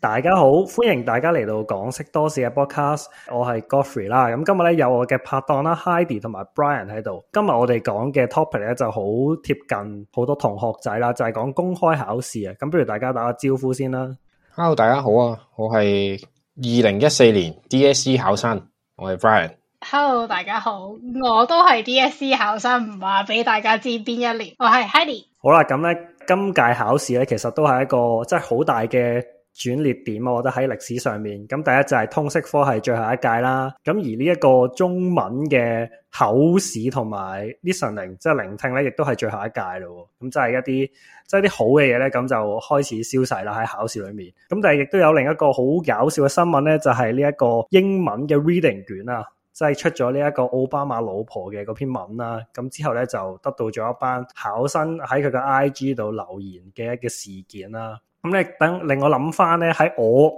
大家好，歡迎大家嚟到港識多史嘅 podcast 我係 Godfrey 啦。咁今日咧有我嘅拍檔啦，Heidi 同埋 Brian 喺度。今日我哋講嘅 topic 咧就好貼近好多同學仔啦，就係講公開考試啊。咁不如大家打個招呼先啦。Hello，大家好啊，我係二零一四年 DSE 考生，我係 Brian。Hello，大家好，我都係 DSE 考生，唔話俾大家知邊一年。我係 Heidi。好啦，咁咧今屆考試咧，其實都係一個即係好大嘅。轉捩點，我覺得喺歷史上面，咁第一就係通識科係最後一屆啦。咁而呢一個中文嘅口試同埋 listening，即係聆聽咧，亦都係最後一屆咯。咁即係一啲即係啲好嘅嘢咧，咁就開始消失啦喺考試裏面。咁但係亦都有另一個好搞笑嘅新聞咧，就係呢一個英文嘅 reading 卷啦，即係出咗呢一個奧巴馬老婆嘅嗰篇文啦。咁之後咧就得到咗一班考生喺佢嘅 IG 度留言嘅一個事件啦。咁咧，等令我諗翻咧，喺我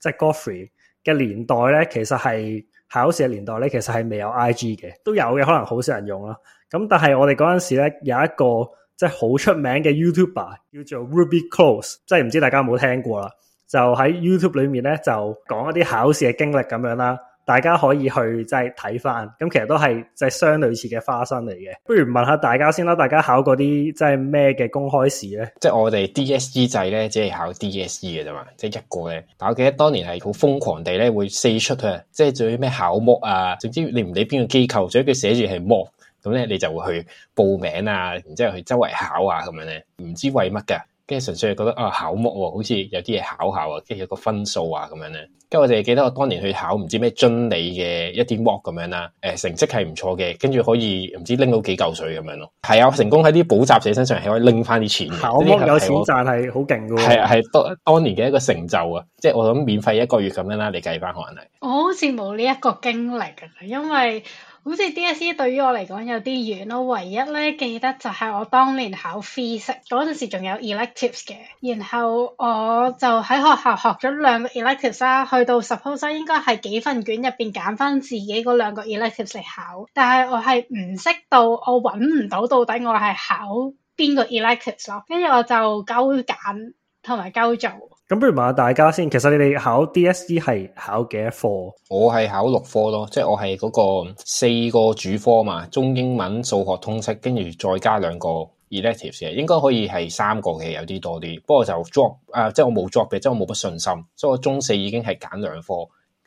即係、就是、Godfrey 嘅年代咧，其實係考試嘅年代咧，其實係未有 IG 嘅，都有嘅，可能好少人用啦。咁但係我哋嗰陣時咧，有一個即係好出名嘅 YouTuber，叫做 Ruby Close，即係唔知大家有冇聽過啦。就喺 YouTube 裏面咧，就講一啲考試嘅經歷咁樣啦。大家可以去即係睇翻咁，其實都係即係相類似嘅花生嚟嘅。不如問下大家先啦，大家考嗰啲即係咩嘅公開試咧？即係我哋 DSE 制咧，只係考 DSE 嘅啫嘛，即係一個咧。但我記得當年係好瘋狂地咧，會四出嘅，即係做啲咩考模啊，總之你唔理邊個機構，只要佢寫住係模咁咧，你就會去報名啊，然之後去周圍考啊，咁樣咧，唔知為乜噶。跟住純粹係覺得啊考模，好似有啲嘢考下啊，跟住有，有個分數啊咁樣咧。跟住我淨係記得我當年去考唔知咩真理嘅一啲 mock 咁樣啦，誒、呃、成績係唔錯嘅，跟住可以唔知拎到幾嚿水咁樣咯。係啊，成功喺啲補習社身上係可以拎翻啲錢。考模，啊、是有錢賺係好勁噶。係啊，係當當年嘅一個成就啊，即係我諗免費一個月咁樣啦，你計翻可能。我好似冇呢一個經歷啊，因為。好似 DSE 對於我嚟講有啲遠咯。唯一呢記得就係我當年考 physics 嗰陣時，仲有 electives 嘅。然後我就喺學校學咗兩個 electives 啦。去到 suppose 應該係幾份卷入邊揀返自己嗰兩個 electives 嚟考，但係我係唔識到，我揾唔到到底我係考邊個 electives 咯。跟住我就鳩揀同埋鳩做。咁不如問下大家先，其實你哋考 DSE 係考幾多科？我係考六科咯，即係我係嗰個四個主科嘛，中英文、數學、通識，跟住再加兩個 electives，應該可以係三個嘅，有啲多啲。不過就 drop 誒、啊，即係我冇 drop 嘅，即係我冇乜信心。所以我中四已經係揀兩科，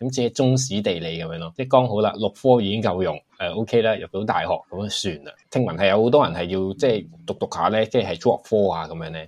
咁即係中史地理咁樣咯，即係剛好啦，六科已經夠用，誒、啊，OK 啦，入到大學咁就算啦。聽聞係有好多人係要即係讀讀下咧，即係係 drop 科啊咁樣咧。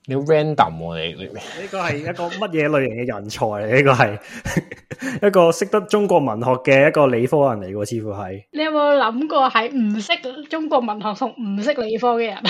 你 random 喎、啊、你你呢個係一個乜嘢類型嘅人才嚟？呢、呢個係 一個識得中國文學嘅一個理科人嚟嘅，似乎係。你有冇諗過係唔識中國文學同唔識理科嘅人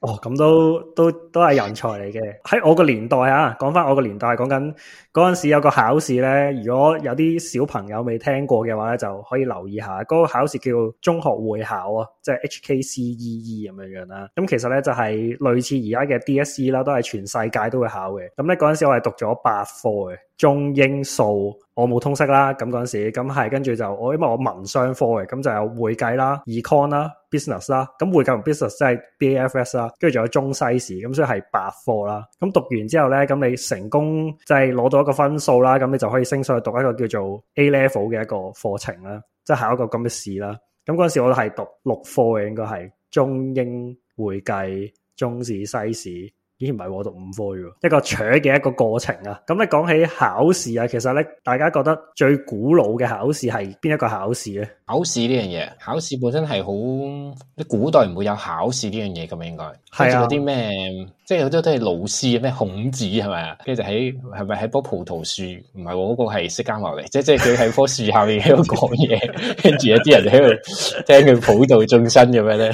哦，咁都都都係人才嚟嘅。喺我個年代啊，講翻我個年代，講緊陣時有個考試咧，如果有啲小朋友未聽過嘅話咧，就可以留意下、嗰個考試叫中學會考啊，即係 H K C E E 咁樣樣啦。咁、嗯、其實咧就係、是、類似而家嘅 D S E 啦，都係。全世界都會考嘅咁咧。嗰陣時我，我係讀咗八科嘅中英數，我冇通識啦。咁嗰陣時，咁係跟住就我因為我文商科嘅咁就有會計啦、econ 啦、business 啦。咁會計同 business 即係 B A F S 啦，跟住仲有中西史。咁所以係八科啦。咁讀完之後咧，咁你成功即係攞到一個分數啦，咁你就可以升上去讀一個叫做 A level 嘅一個課程啦，即係考一個咁嘅試啦。咁嗰陣時，我係讀六科嘅，應該係中英會計、中史、西史。以前唔係我讀五科嘅，一個扯嘅一個過程啊。咁咧講起考試啊，其實咧大家覺得最古老嘅考試係邊一個考試咧？考試呢樣嘢，考試本身係好，你古代唔會有考試呢樣嘢噶嘛？應該係啊。啲咩？即係好多都係老師，咩孔子係咪啊？那個、 跟住就喺係咪喺棵葡萄樹？唔係我嗰個係釋迦牟嚟，即係即係佢喺棵樹下面喺度講嘢，跟住有啲人喺度聽佢普度眾生咁樣咧。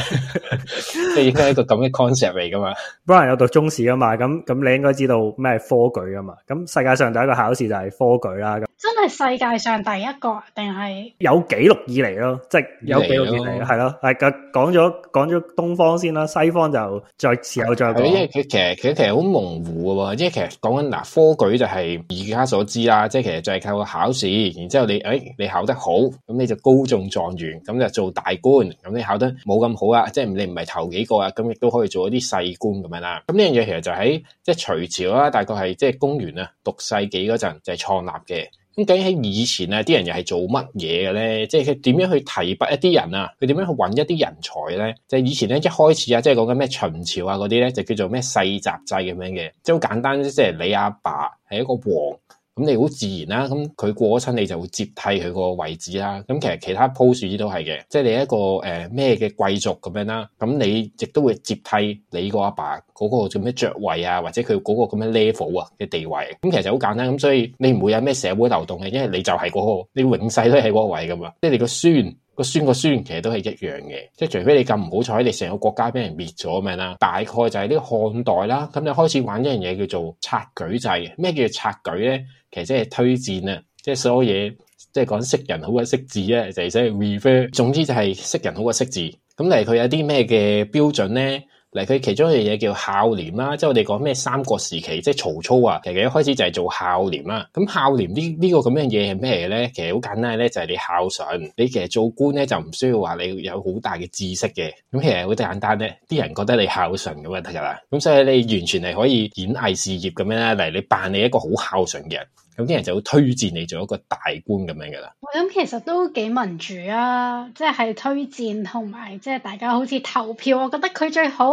即係應該係一個咁嘅 concept 嚟噶嘛。Brian 有讀中史噶嘛？咁咁你應該知道咩科舉噶嘛？咁世界上第一個考試就係科舉啦。真係世界上第一個定係有紀錄以嚟咯？即係有紀錄以嚟係咯？係講講咗講咗東方先啦，西方就再之後再講。其實其實其實好模糊嘅，因為其實講緊嗱科舉就係而家所知啦，即係其實就係靠個考試，然之後你誒、哎、你考得好，咁你就高中狀元，咁就做大官，咁你考得冇咁好啊，即係你唔係頭幾個啊，咁亦都可以做一啲細官咁樣啦。咁呢樣嘢其實就喺即係隋朝啦，大概係即係公元啊六世紀嗰陣就係創立嘅。咁究竟喺以前啊，啲人又係做乜嘢嘅咧？即係佢點樣去提拔一啲人啊？佢點樣去搵一啲人才咧？即係以前咧一開始啊，即係講緊咩秦朝啊嗰啲咧，就叫做咩世襲制咁樣嘅，即係好簡單即係你阿爸係一個王。你好自然啦、啊，咁佢過咗身，你就會接替佢個位置啦、啊。咁其實其他 post 都係嘅，即係你一個誒咩嘅貴族咁樣啦、啊。咁你亦都會接替你個阿爸嗰個做咩爵位啊，或者佢嗰個咁嘅 level 啊嘅地位。咁其實好簡單，咁所以你唔會有咩社會流動嘅，因為你就係嗰個，你永世都係嗰位噶嘛。即係你個孫。個孫個孫其實都係一樣嘅，即係除非你咁唔好彩，你成個國家俾人滅咗咁樣啦。大概就係呢個漢代啦，咁你開始玩一樣嘢叫做察舉制。咩叫察舉咧？其實即係推薦啊，即係所有嘢，即係講識人好過識字啊，就係即係 refer。總之就係識人好過識字。咁嚟佢有啲咩嘅標準咧？嗱，佢其中一樣嘢叫孝廉啦，即係我哋講咩？三國時期即係曹操啊，其實一開始就係做孝廉啦。咁孝廉、呢個、呢呢個咁樣嘢係咩咧？其實好簡單咧，就係你孝順，你其實做官咧就唔需要話你有好大嘅知識嘅。咁其實好簡單咧，啲人覺得你孝順咁就得啦。咁所以你完全係可以演藝事業咁樣咧，嚟你扮你一個好孝順嘅人。有啲人就好推薦你做一個大官咁樣嘅啦。我諗、嗯、其實都幾民主啊，即係推薦同埋即係大家好似投票，我覺得佢最好。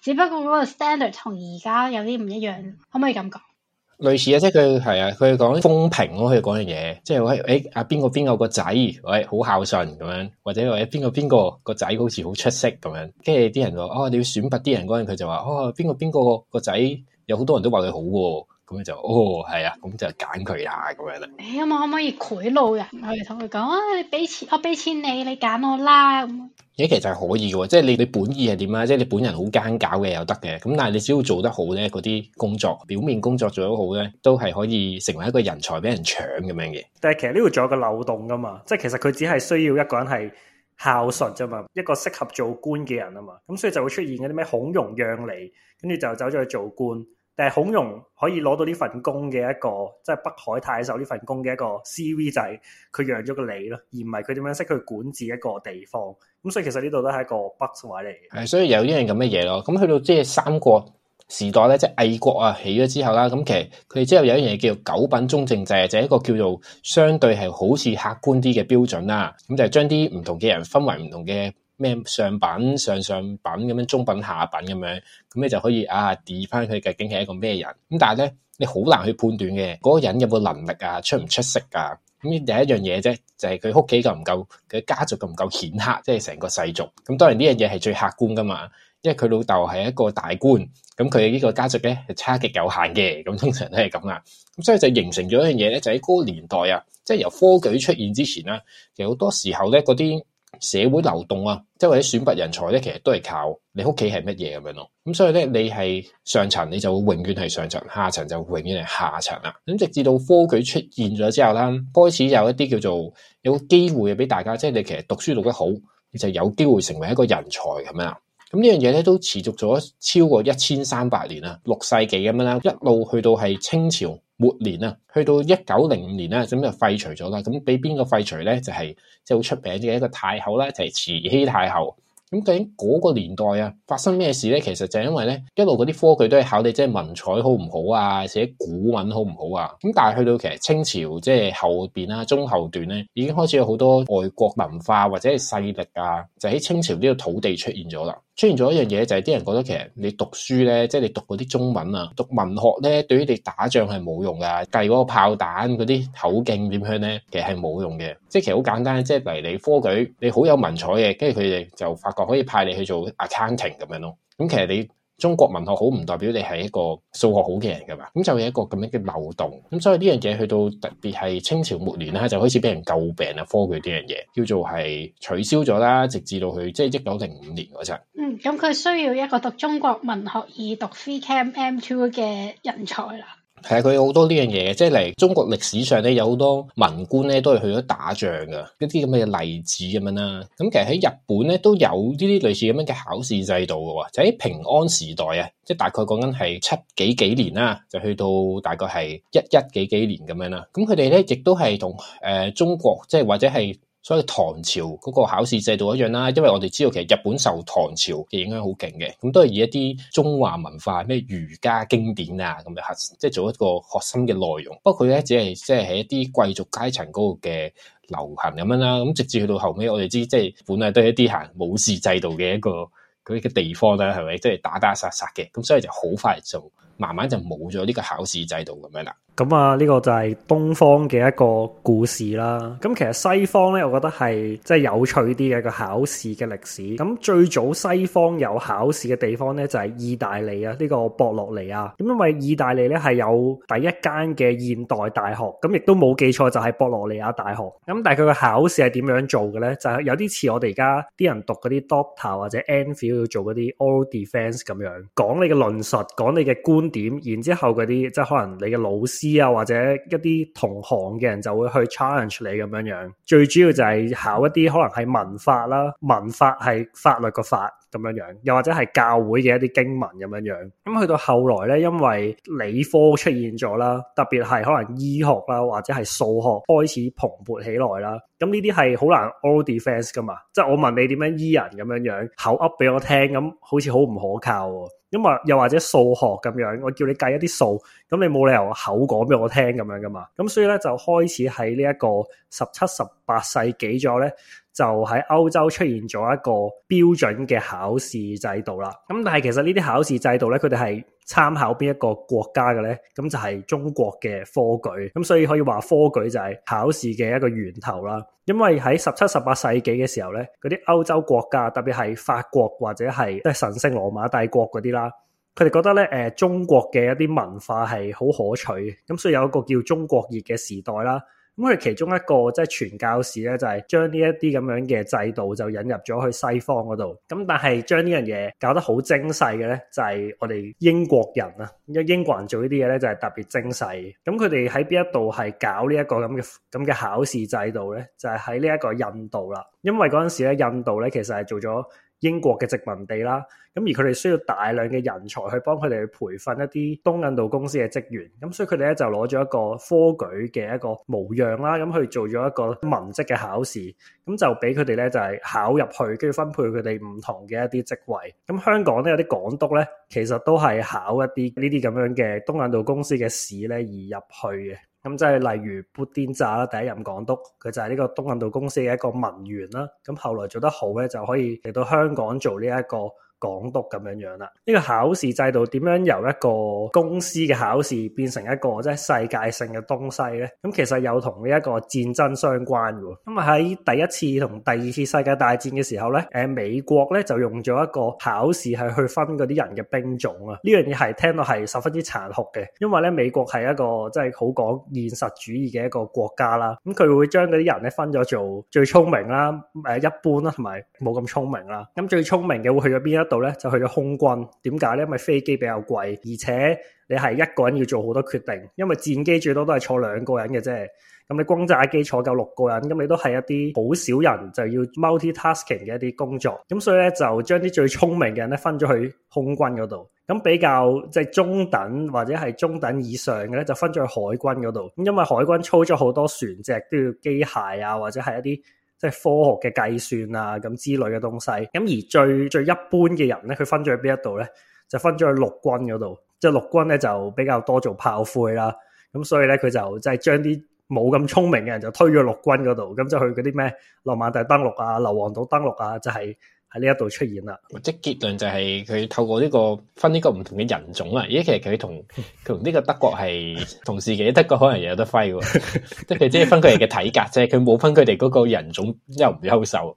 只不過嗰個 standard 同而家有啲唔一樣，可唔可以咁講？類似啊，即係佢係啊，佢講風評咯，佢講嘢，即係喂誒阿邊個邊個個仔，喂、哎、好孝順咁樣，或者話誒邊個邊個個仔好似好出色咁樣，跟住啲人話哦，你要選拔啲人嗰陣，佢就話哦邊個邊個個仔有好多人都話佢好喎、啊。咁就哦係啊，咁就揀佢啊咁樣啦。咁我、哎、可唔可以賄賂啊，我哋同佢講啊？你俾錢我俾錢你，你揀我啦咁。咦，其實係可以嘅，即係你你本意係點啊？即係你本人好奸狡嘅又得嘅，咁但係你只要做得好咧，嗰啲工作表面工作做得好咧，都係可以成為一個人才俾人搶咁樣嘅。但係其實呢度仲有個漏洞噶嘛，即係其實佢只係需要一個人係孝順啫嘛，一個適合做官嘅人啊嘛，咁所以就會出現嗰啲咩孔融讓梨，跟住就走咗去做官。但係孔融可以攞到呢份工嘅一個，即係北海太守呢份工嘅一個 CV 仔，佢讓咗個你咯，而唔係佢點樣識佢管治一個地方。咁所以其實呢度都係一個北位嚟嘅。係，所以有呢樣咁嘅嘢咯。咁去到即係三國時代咧，即係魏國啊起咗之後啦，咁其實佢哋之後有一樣嘢叫做九品中正制，就係一個叫做相對係好似客觀啲嘅標準啦。咁就係將啲唔同嘅人分為唔同嘅。咩上品、上上品咁樣，中品、下品咁樣，咁你就可以啊 display 翻佢究竟係一個咩人？咁但係咧，你好難去判斷嘅，嗰個人有冇能力啊，出唔出色啊？咁第一樣嘢啫，就係佢屋企夠唔夠，佢家族夠唔夠顯赫，即係成個世族。咁當然呢樣嘢係最客觀噶嘛，因為佢老豆係一個大官，咁佢呢個家族咧係差極有限嘅。咁通常都係咁啦，咁所以就形成咗一樣嘢咧，就喺嗰年代啊，即係由科舉出現之前啦，其實好多時候咧嗰啲。社會流動啊，即係或者選拔人才咧，其實都係靠你屋企係乜嘢咁樣咯。咁所以咧，你係上層你就永遠係上層，下層就永遠係下層啦。咁直至到科舉出現咗之後啦，開始有一啲叫做有機會啊，俾大家即係你其實讀書讀得好，你就有機會成為一個人才咁樣。咁呢樣嘢咧都持續咗超過一千三百年啊，六世紀咁樣啦，一路去到係清朝末年啊，去到一九零五年咧咁就廢除咗啦。咁俾邊個廢除咧？就係即係好出名嘅一個太后咧，就係慈禧太后。咁究竟嗰個年代啊發生咩事咧？其實就係因為咧一路嗰啲科舉都係考你即係文采好唔好啊，寫古文好唔好啊。咁但係去到其實清朝即係後邊啦，中後段咧已經開始有好多外國文化或者係勢力啊，就喺清朝呢個土地出現咗啦。出現咗一樣嘢，就係啲人覺得其實你讀書咧，即係你讀嗰啲中文啊，讀文學咧，對於你打仗係冇用噶，計嗰個炮彈嗰啲口徑點樣咧，其實係冇用嘅。即係其實好簡單，即係例如你科舉，你好有文采嘅，跟住佢哋就發覺可以派你去做 accounting 咁樣咯。咁、嗯、其實你。中國文學好唔代表你係一個數學好嘅人噶嘛？咁就有一個咁樣嘅漏洞。咁所以呢樣嘢去到特別係清朝末年咧，就開始俾人詬病啦。科舉呢樣嘢叫做係取消咗啦，直至到佢即係一九零五年嗰陣。嗯，咁佢需要一個讀中國文學而讀 Phy Chem M two 嘅人才啦。係啊，佢有好多呢樣嘢，即係嚟，中國歷史上咧有好多文官咧都係去咗打仗噶，一啲咁嘅例子咁樣啦。咁其實喺日本咧都有呢啲類似咁樣嘅考試制度嘅喎，就喺平安時代啊，即係大概講緊係七幾幾年啦，就去到大概係一一幾幾年咁樣啦。咁佢哋咧亦都係同誒中國即係或者係。所以唐朝嗰個考試制度一樣啦，因為我哋知道其實日本受唐朝嘅影響好勁嘅，咁都係以一啲中華文化咩儒家經典啊咁嘅核，即係做一個核心嘅內容。不過佢咧只係即係喺一啲貴族階層嗰個嘅流行咁樣啦。咁直至去到後尾，我哋知即係本來都係一啲行武士制度嘅一個啲嘅地方啦，係咪？即係打打殺殺嘅，咁所以就好快就。慢慢就冇咗呢個考試制度咁樣啦。咁啊，呢、這個就係東方嘅一個故事啦。咁、嗯、其實西方咧，我覺得係即係有趣啲嘅一個考試嘅歷史。咁、嗯、最早西方有考試嘅地方咧，就係、是、意大利啊，呢、這個博洛尼亞。咁、嗯、因為意大利咧係有第一間嘅現代大學，咁、嗯、亦都冇記錯，就係、是、博洛尼亞大學。咁、嗯、但係佢嘅考試係點樣做嘅咧？就係、是、有啲似我哋而家啲人讀嗰啲 doctor 或者 MPhil 要做嗰啲 oral defence 咁樣講你嘅論述，講你嘅觀點。點，然之後嗰啲即係可能你嘅老師啊，或者一啲同行嘅人就會去 challenge 你咁樣樣。最主要就係考一啲可能係文法啦，文法係法律個法咁樣樣，又或者係教會嘅一啲經文咁樣樣。咁、嗯、去到後來咧，因為理科出現咗啦，特別係可能醫學啦，或者係數學開始蓬勃起來啦。咁呢啲係好難 all defense 噶嘛，即係我問你點樣醫人咁樣樣，口噏俾我聽，咁好似好唔可靠、啊。咁啊，又或者數學咁樣，我叫你計一啲數，咁你冇理由口講俾我聽咁樣噶嘛，咁所以咧就開始喺呢一個十七、十八世紀左右咧，就喺歐洲出現咗一個標準嘅考試制度啦。咁但係其實呢啲考試制度咧，佢哋係參考邊一個國家嘅咧，咁就係中國嘅科舉，咁所以可以話科舉就係考試嘅一個源頭啦。因為喺十七、十八世紀嘅時候咧，嗰啲歐洲國家，特別係法國或者係神聖羅馬帝國嗰啲啦，佢哋覺得咧，誒，中國嘅一啲文化係好可取，咁所以有一個叫中國熱嘅時代啦。咁佢其中一個即係傳教士咧，就係將呢一啲咁樣嘅制度就引入咗去西方嗰度。咁但係將呢樣嘢搞得好精細嘅咧，就係、是、我哋英國人啦。因為英國人做這這呢啲嘢咧，就係特別精細。咁佢哋喺邊一度係搞呢一個咁嘅咁嘅考試制度咧，就係喺呢一個印度啦。因為嗰陣時咧，印度咧其實係做咗。英國嘅殖民地啦，咁而佢哋需要大量嘅人才去幫佢哋去培訓一啲東印度公司嘅職員，咁所以佢哋咧就攞咗一個科舉嘅一個模樣啦，咁去做咗一個文職嘅考試，咁就俾佢哋咧就係考入去，跟住分配佢哋唔同嘅一啲職位。咁香港咧有啲港督咧，其實都係考一啲呢啲咁樣嘅東印度公司嘅試咧而入去嘅。咁即係例如砵甸乍啦，第一任港督佢就係呢個東印度公司嘅一個文員啦，咁後來做得好咧，就可以嚟到香港做呢、這、一個。港督咁樣樣啦，呢個考試制度點樣由一個公司嘅考試變成一個即係世界性嘅東西咧？咁其實又同呢一個戰爭相關嘅。咁喺第一次同第二次世界大戰嘅時候咧，誒美國咧就用咗一個考試係去分嗰啲人嘅兵種啊。呢樣嘢係聽到係十分之殘酷嘅，因為咧美國係一個即係好講現實主義嘅一個國家啦。咁佢會將嗰啲人咧分咗做最聰明啦、誒一般啦同埋冇咁聰明啦。咁最聰明嘅會去咗邊一？度咧就去咗空軍，點解咧？因為飛機比較貴，而且你係一個人要做好多決定，因為戰機最多都係坐兩個人嘅啫。咁你轟炸機坐夠六個人，咁你都係一啲好少人就要 multi-tasking 嘅一啲工作。咁所以咧就將啲最聰明嘅人咧分咗去空軍嗰度。咁比較即係中等或者係中等以上嘅咧，就分咗去海軍嗰度。咁因為海軍操咗好多船隻都要機械啊，或者係一啲。即係科學嘅計算啊，咁之類嘅東西，咁而最最一般嘅人咧，佢分咗去邊一度咧？就分咗去陸軍嗰度，即係陸軍咧就比較多做炮灰啦，咁所以咧佢就即係將啲冇咁聰明嘅人就推咗陸軍嗰度，咁就去嗰啲咩諾曼第登陸啊、硫磺島登陸啊，就係、是。喺呢一度出現啦，即結論就係佢透過呢個分呢個唔同嘅人種啊，咦？其實佢同同呢個德國係同時嘅，德國可能有得揮喎， 即係即係分佢哋嘅體格即啫，佢冇分佢哋嗰個人種優唔優秀，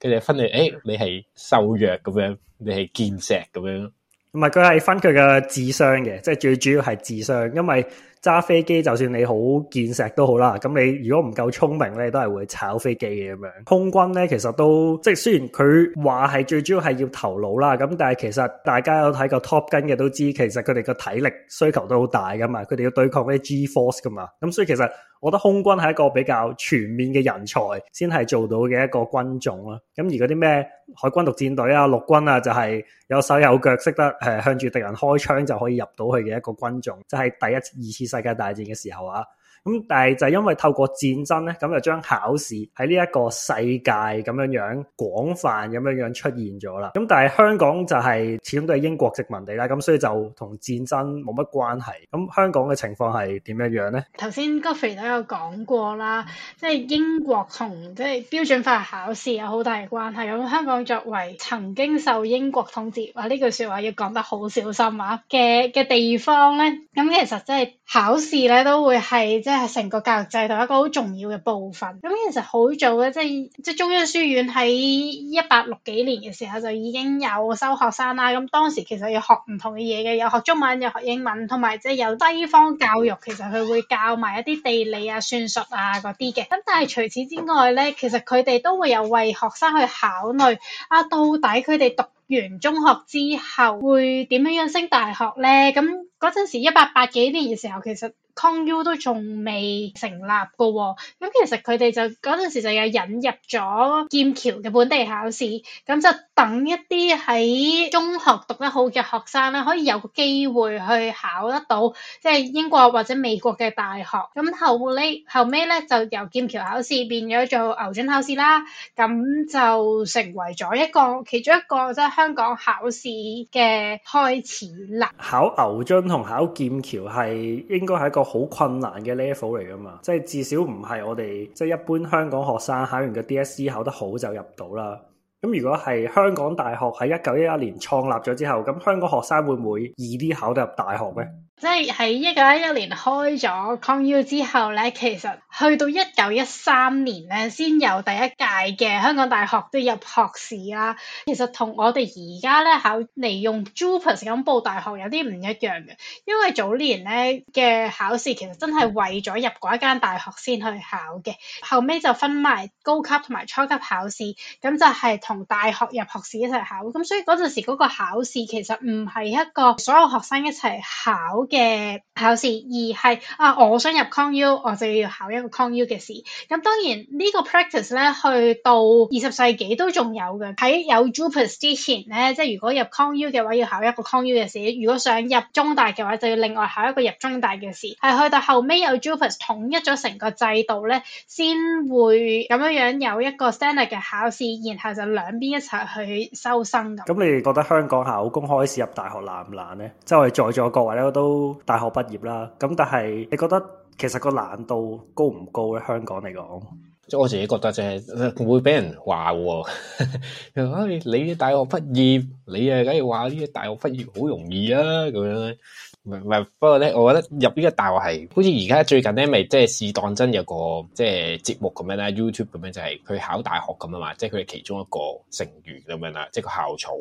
佢哋分你誒、哎，你係瘦弱咁樣，你係健碩咁樣，唔係佢係分佢嘅智商嘅，即係最主要係智商，因為。揸飛機就算你好見石都好啦，咁你如果唔夠聰明咧，你都係會炒飛機嘅咁樣。空軍咧，其實都即係雖然佢話係最主要係要頭腦啦，咁但係其實大家有睇過 Top Gun 嘅都知，其實佢哋個體力需求都好大噶嘛，佢哋要對抗啲 G Force 噶嘛，咁所以其實我覺得空軍係一個比較全面嘅人才先係做到嘅一個軍種啦。咁而嗰啲咩海軍陸戰隊啊、陸軍啊，就係、是、有手有腳，識得誒向住敵人開槍就可以入到去嘅一個軍種，就係、是、第一次、二次。世界大戰嘅時候啊，咁但係就是因為透過戰爭咧，咁就將考試喺呢一個世界咁樣樣廣泛咁樣樣出現咗啦。咁但係香港就係、是、始終都係英國殖民地啦，咁所以就同戰爭冇乜關係。咁香港嘅情況係點樣樣咧？頭先 Godfrey 都有講過啦，即、就、係、是、英國同即係標準化考試有好大嘅關係。咁香港作為曾經受英國統治，哇、啊！呢句說話要講得好小心啊嘅嘅地方咧，咁其實即係。考試咧都會係即係成個教育制度一個好重要嘅部分。咁其實好早咧，即係即係中央書院喺一八六幾年嘅時候就已經有收學生啦。咁當時其實要學唔同嘅嘢嘅，有學中文，有學英文，同埋即係有西方教育，其實佢會教埋一啲地理啊、算術啊嗰啲嘅。咁但係除此之外咧，其實佢哋都會有為學生去考慮啊，到底佢哋讀。完中學之後會點樣樣升大學咧？咁嗰陣時一八八幾年嘅時候，其實。ConU 都仲未成立噶，哦，咁其實佢哋就嗰陣時就有引入咗劍橋嘅本地考試，咁就等一啲喺中學讀得好嘅學生咧，可以有個機會去考得到，即係英國或者美國嘅大學。咁後尾後尾咧就由劍橋考試變咗做牛津考試啦，咁就成為咗一個其中一個即係香港考試嘅開始啦。考牛津同考劍橋係應該係一個。好困難嘅 level 嚟㗎嘛，即係至少唔係我哋即係一般香港學生考完個 DSE 考得好就入到啦。咁如果係香港大學喺一九一一年創立咗之後，咁香港學生會唔會易啲考得入大學呢？即係喺一九一一年開咗 Kong U 之後咧，其實去到一九一三年咧，先有第一屆嘅香港大學都入學試啦。其實同我哋而家咧考嚟用 JUPAS 咁報大學有啲唔一樣嘅，因為早年咧嘅考試其實真係為咗入嗰一間大學先去考嘅，後尾就分埋高級同埋初級考試，咁就係同大學入學試一齊考。咁所以嗰陣時嗰個考試其實唔係一個所有學生一齊考嘅考試，而係啊，我想入 Con U，我就要考一個 Con U 嘅試。咁當然呢個 practice 咧，去到二十世紀都仲有嘅。喺有 Jupus 之前咧，即係如果入 Con U 嘅話，要考一個 Con U 嘅試；如果想入中大嘅話，就要另外考一個入中大嘅試。係去到後尾有 Jupus 統一咗成個制度咧，先會咁樣樣有一個 standard 嘅考試，然後就兩邊一齊去收生咁。咁你哋覺得香港考公開試入大學難唔難咧？ 即係我哋在座各位咧都。都大學畢業啦，咁但係你覺得其實個難度高唔高咧？香港嚟講，即係我自己覺得就係會俾人話喎， 你大學畢業，你啊梗係話啲大學畢業好容易啊咁樣，唔係不過咧，我覺得入呢個大學係好似而家最近咧咪即係試當真有個即係節目咁樣咧，YouTube 咁樣就係佢考大學咁啊嘛，即係佢係其中一個成員咁樣啦，即係個校草。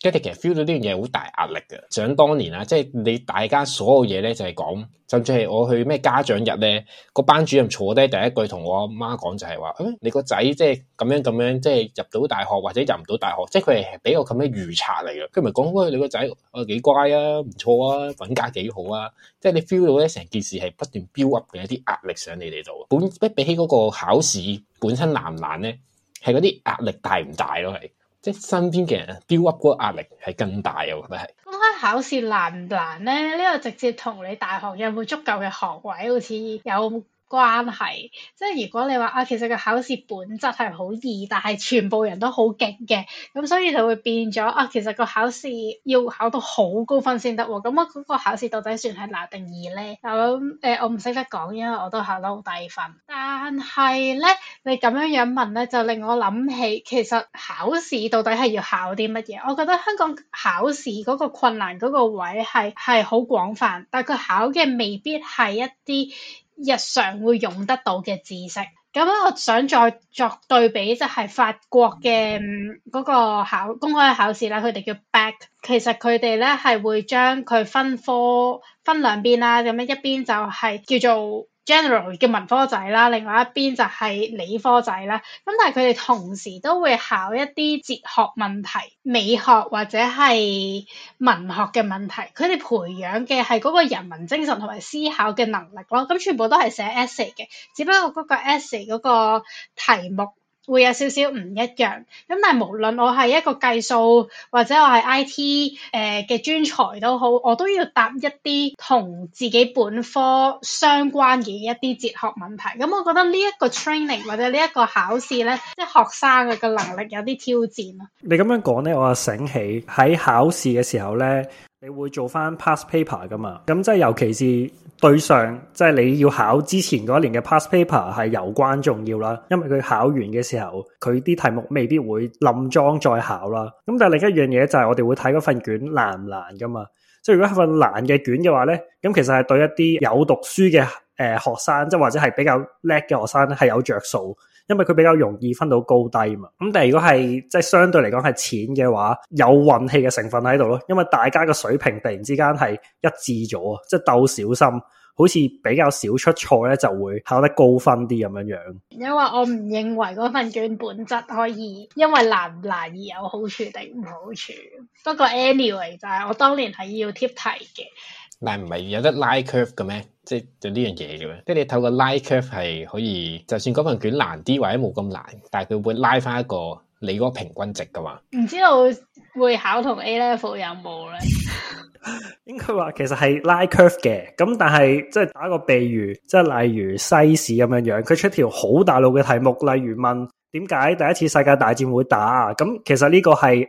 佢哋其實 feel 到呢樣嘢好大壓力嘅，想當年啊，即係你大家所有嘢咧就係講，甚至係我去咩家長日咧，個班主任坐低第一句同我阿媽講就係、是、話：，誒、啊、你個仔即係咁樣咁樣，即、就、係、是、入到大學或者入唔到大學，即係佢係俾我咁樣預測嚟嘅。佢咪係講開你個仔，我、啊、幾乖啊，唔錯啊，品家幾好啊，即係你 feel 到咧成件事係不斷 build up 嘅一啲壓力上你哋度。本比起嗰個考試本身難唔難咧，係嗰啲壓力大唔大咯、啊？係。身邊嘅人 build up 嗰個壓力係更大啊！我覺得係公開考試難唔難咧？呢個直接同你大學有冇足夠嘅學位好似有關係，即係如果你話啊，其實個考試本質係好易，但係全部人都好勁嘅，咁所以就會變咗啊。其實個考試要考到好高分先得喎，咁啊嗰個考試到底算係難定易咧？我諗誒、呃，我唔識得講，因為我都考得好低分。但係咧，你咁樣樣問咧，就令我諗起其實考試到底係要考啲乜嘢？我覺得香港考試嗰個困難嗰個位係係好廣泛，但係佢考嘅未必係一啲。日常會用得到嘅知識，咁咧我想再作對比，就係法國嘅嗰個考公開考試咧，佢哋叫 bac，其實佢哋咧係會將佢分科分兩邊啦，咁樣一邊就係叫做 general 嘅文科仔啦，另外一邊就係理科仔啦，咁但係佢哋同時都會考一啲哲學問題，美學或者係文學嘅問題，佢哋培養嘅係個人文精神同埋思考嘅能力咯。咁全部都係寫 essay 嘅，只不過個 essay 個題目。會有少少唔一樣，咁但係無論我係一個計數或者我係 IT 誒嘅專才都好，我都要答一啲同自己本科相關嘅一啲哲學問題。咁我覺得呢一個 training 或者呢一個考試咧，即係學生嘅能力有啲挑戰咯。你咁樣講咧，我就醒起喺考試嘅時候咧，你會做翻 past paper 㗎嘛？咁即係尤其是。對上即係、就是、你要考之前嗰一年嘅 past paper 係有關重要啦，因為佢考完嘅時候，佢啲題目未必會冧裝再考啦。咁但係另一樣嘢就係我哋會睇嗰份卷難唔難噶嘛？即係如果係份難嘅卷嘅話咧，咁其實係對一啲有讀書嘅誒學生，即係或者係比較叻嘅學生咧係有着數。因為佢比較容易分到高低嘛，咁但係如果係即係相對嚟講係淺嘅話，有運氣嘅成分喺度咯。因為大家個水平突然之間係一致咗啊，即係鬥小心，好似比較少出錯咧，就會考得高分啲咁樣樣。因為我唔認為嗰份卷本質可以，因為難唔難易有好處定唔好處。不過 anyway 就係我當年係要貼題嘅。但唔係有得拉 curve 嘅咩？即係就呢樣嘢嘅咩？即係你透過拉 curve 係可以，就算嗰份卷難啲或者冇咁難，但係佢會拉翻一個你嗰個平均值噶嘛？唔知道會考同 A level 有冇咧？ 應該話其實係拉 curve 嘅，咁但係即係打個比喻，即係例如西史咁樣樣，佢出條好大路嘅題目，例如問點解第一次世界大戰會打？咁其實呢個係。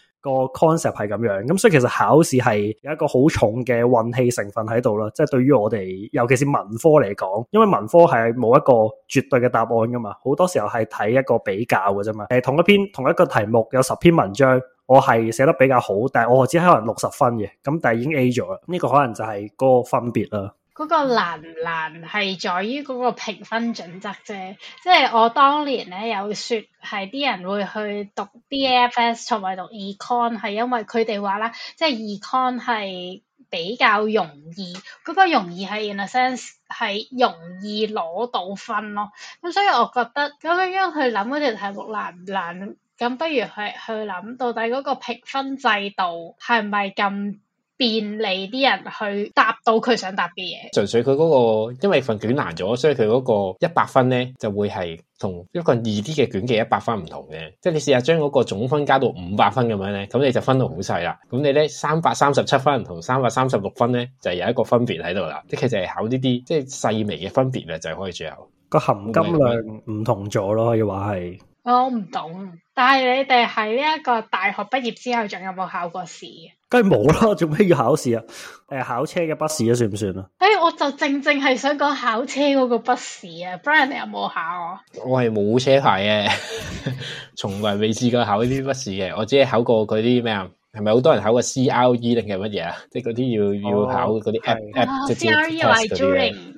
個 concept 係咁樣，咁所以其實考試係有一個好重嘅運氣成分喺度啦，即係對於我哋，尤其是文科嚟講，因為文科係冇一個絕對嘅答案噶嘛，好多時候係睇一個比較噶啫嘛，係同一篇同一個題目有十篇文章，我係寫得比較好，但係我只可能六十分嘅，咁但係已經 A 咗啦，呢個可能就係個分別啦。嗰個難唔難係在於嗰個評分準則啫，即係我當年咧有説係啲人會去讀 BAFS 同埋讀 Econ 係因為佢哋話啦，即係 Econ 係比較容易，嗰個容易係 in a sense 係容易攞到分咯。咁所以我覺得咁樣去諗嗰條題目難唔難，咁不如去去諗到底嗰個評分制度係唔係咁？便利啲人去答到佢想答嘅嘢。純粹佢嗰、那個，因為份卷難咗，所以佢嗰個一百分咧就會係同一個二 D 嘅卷嘅一百分唔同嘅。即係你試下將嗰個總分加到五百分咁樣咧，咁你就分到好細啦。咁你咧三百三十七分同三百三十六分咧就是、有一個分別喺度啦。即係其實係考呢啲即係細微嘅分別咧，就係可以最後個含金量唔同咗咯，要話係。我唔懂，但係你哋喺呢一個大學畢業之後，仲有冇考過試？梗係冇啦，做咩要考試啊？誒，考車嘅筆試咧算唔算啊？誒、欸，我就正正係想講考車嗰個筆試啊，Brian 你有冇考啊？我係冇車牌嘅，從 來未試過考呢啲筆試嘅，我只係考過嗰啲咩啊？係咪好多人考過 C R E 定係乜嘢啊？即係嗰啲要要考嗰啲 app app 直接考嘅。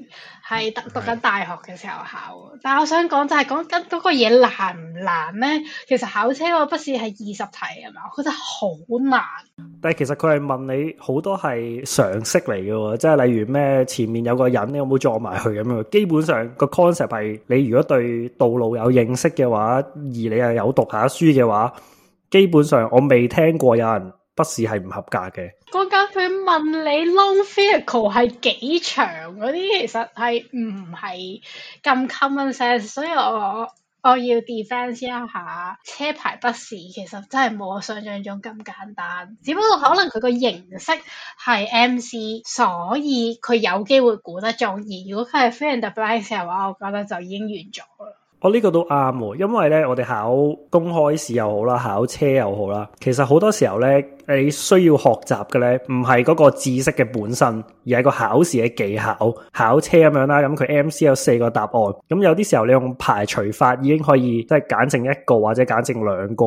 係讀讀緊大學嘅時候考，但係我想講就係講緊嗰個嘢難唔難咧？其實考車嗰個筆試係二十題吖嘛，我覺得好難。但係其實佢係問你好多係常識嚟嘅，即係例如咩前面有個人你有冇撞埋去咁樣，基本上個 concept 係你如果對道路有認識嘅話，而你又有讀下書嘅話，基本上我未聽過有人。筆試係唔合格嘅。嗰間佢問你 long vehicle 係幾長嗰啲，其實係唔係咁 common sense，所以我我要 defence 一下車牌筆試，其實真係冇我想象中咁簡單。只不過可能佢個形式係 MC，所以佢有機會估得中。而。如果佢係 fill in the blanks 嘅話，我覺得就已經完咗啦。我呢、哦，這個都啱喎，因為咧，我哋考公開試又好啦，考車又好啦，其實好多時候咧，你需要學習嘅咧，唔係嗰個知識嘅本身，而係個考試嘅技巧。考車咁樣啦，咁佢 MC 有四個答案，咁有啲時候你用排除法已經可以即係揀剩一個或者揀剩兩個，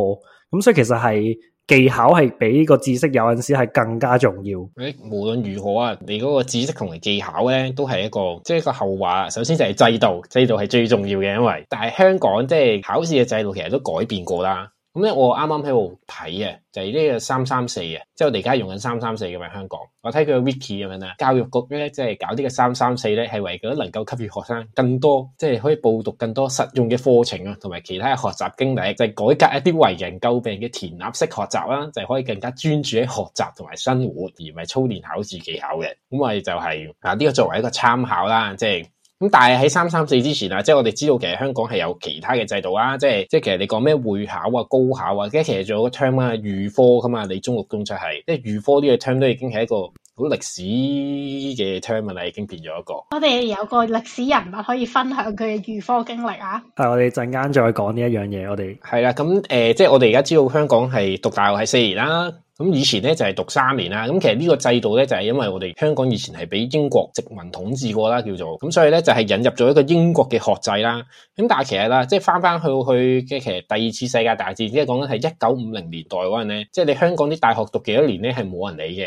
咁所以其實係。技巧係比呢個知識有陣時係更加重要。誒，無論如何、啊、你嗰個知識同技巧咧，都係一個即係、就是、一個後話。首先就係制度，制度係最重要嘅，因為但係香港即係考試嘅制度其實都改變過啦。咁咧，我啱啱喺度睇啊，就係、是、呢個三三四啊，即係我哋而家用緊三三四咁樣香港。我睇佢 Wiki 咁樣咧，教育局咧即係搞啲個三三四咧，係為咗能夠給予學生更多，即、就、係、是、可以報讀更多實用嘅課程啊，同埋其他嘅學習經歷，就係、是、改革一啲為人詬病嘅填鴨式學習啦，就係、是、可以更加專注喺學習同埋生活，而唔係操練考試技巧嘅。咁我哋就係啊呢個作為一個參考啦，即係。但係喺三三四之前啊，即係我哋知道其實香港係有其他嘅制度啊，即其實你講咩會考啊、高考啊，跟住其實仲有個 term 啊，預科㗎嘛，你中六中七係即預科呢個 term 都已經係一個，好歷史嘅 term 咧，已經變咗一個。我哋有個歷史人物可以分享佢嘅預科經歷啊！係我哋陣間再講呢一樣嘢。我哋係啦，咁誒、呃，即係我哋而家知道香港係讀大學係四年啦。咁以前咧就係、是、讀三年啦。咁其實呢個制度咧就係、是、因為我哋香港以前係俾英國殖民統治過啦，叫做咁，所以咧就係、是、引入咗一個英國嘅學制啦。咁但係其實啦，即係翻翻去到去嘅，其實第二次世界大戰即係講緊係一九五零年代嗰陣咧，即係你香港啲大學讀幾多年咧係冇人理嘅。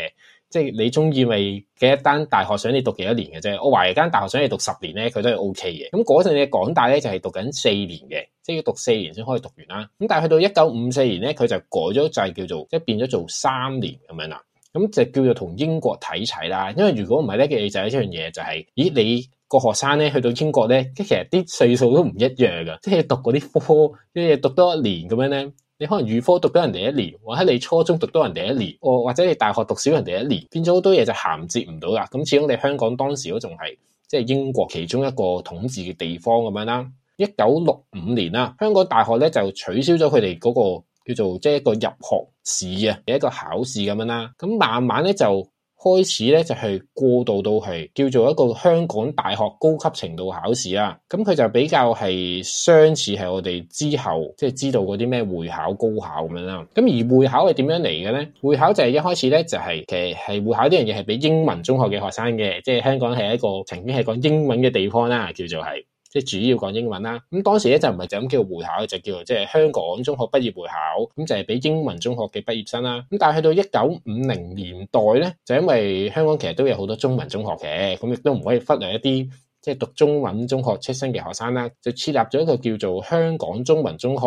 即係你中意咪嘅一間大學想你讀幾多年嘅啫？我懷疑間大學想你讀十年咧，佢都係 O K 嘅。咁嗰陣你港大咧就係讀緊四年嘅，即係要讀四年先可以讀完啦。咁但係去到一九五四年咧，佢就改咗就係，叫做即係變咗做三年咁樣啦。咁就叫做同英國睇齊啦。因為如果唔係咧，其實就有一樣嘢就係，咦你個學生咧去到英國咧，即係其實啲歲數都唔一樣噶，即係讀嗰啲科，即係讀多一年咁樣咧。你可能預科讀咗人哋一年，或者你初中讀多人哋一年，或或者你大學讀少人哋一年，變咗好多嘢就銜接唔到啦。咁始終你香港當時都仲係即係英國其中一個統治嘅地方咁樣啦。一九六五年啦，香港大學咧就取消咗佢哋嗰個叫做即係一個入學試啊，一個考試咁樣啦。咁慢慢咧就，開始咧就係過渡到係叫做一個香港大學高級程度考試啦，咁佢就比較係相似係我哋之後即係、就是、知道嗰啲咩會考、高考咁樣啦。咁而會考係點樣嚟嘅咧？會考就係一開始咧就係、是、其實係會考呢樣嘢係畀英文中學嘅學生嘅，即、就、係、是、香港係一個曾經係講英文嘅地方啦，叫做係。即係主要講英文啦，咁當時咧就唔係就咁叫會考，就叫即係香港中學畢業會考，咁就係俾英文中學嘅畢業生啦。咁但係去到一九五零年代咧，就因為香港其實都有好多中文中學嘅，咁亦都唔可以忽略一啲即係讀中文中學出身嘅學生啦。就設立咗一個叫做香港中文中學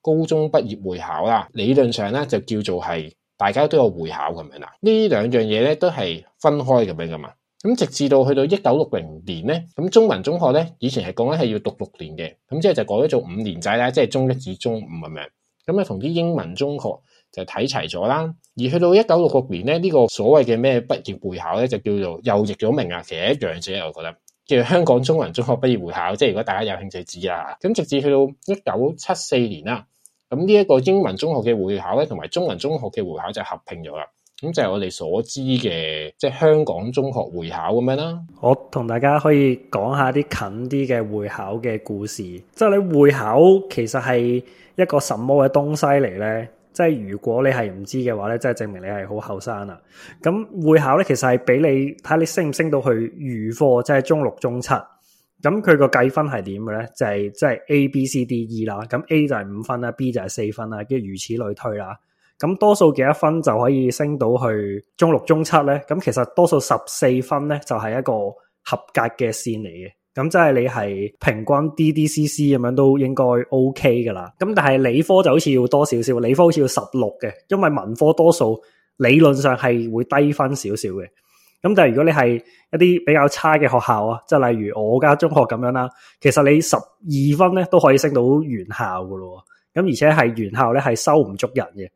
高中畢業會考啦。理論上咧就叫做係大家都有會考咁樣啦。呢兩樣嘢咧都係分開咁樣噶嘛。咁直至到去到一九六零年咧，咁中文中學咧以前，係講咧係要讀六年嘅，咁之後就改咗做五年制啦，即係中一至中五啊名。咁啊，同啲英文中學就睇齊咗啦。而去到一九六六年咧，呢、這個所謂嘅咩畢業會考咧，就叫做又易咗名啊，其實一樣啫，我覺得叫做香港中文中學畢業會考，即係如果大家有興趣知啊，咁直至去到一九七四年啦，咁呢一個英文中學嘅會考咧，同埋中文中學嘅會考就合併咗啦。咁就係我哋所知嘅，即係香港中學會考咁樣啦。我同大家可以講下啲近啲嘅會考嘅故事。即係你會考其實係一個什麼嘅東西嚟咧？即係如果你係唔知嘅話咧，即係證明你係好後生啦。咁會考咧，其實係俾你睇你升唔升到去預科，即係中六、中七。咁佢個計分係點嘅咧？就係即係 A、B、C、D、E 啦。咁 A 就係五分啦，B 就係四分啦，跟住如此類推啦。咁多數幾多分就可以升到去中六、中七咧？咁其實多數十四分咧就係、是、一個合格嘅線嚟嘅。咁即係你係平均 D D C C 咁樣都應該 O K 噶啦。咁但係理科就好似要多少少，理科好似要十六嘅，因為文科多數理論上係會低分少少嘅。咁但係如果你係一啲比較差嘅學校啊，即、就、係、是、例如我家中學咁樣啦，其實你十二分咧都可以升到原校噶咯。咁而且係原校咧係收唔足人嘅。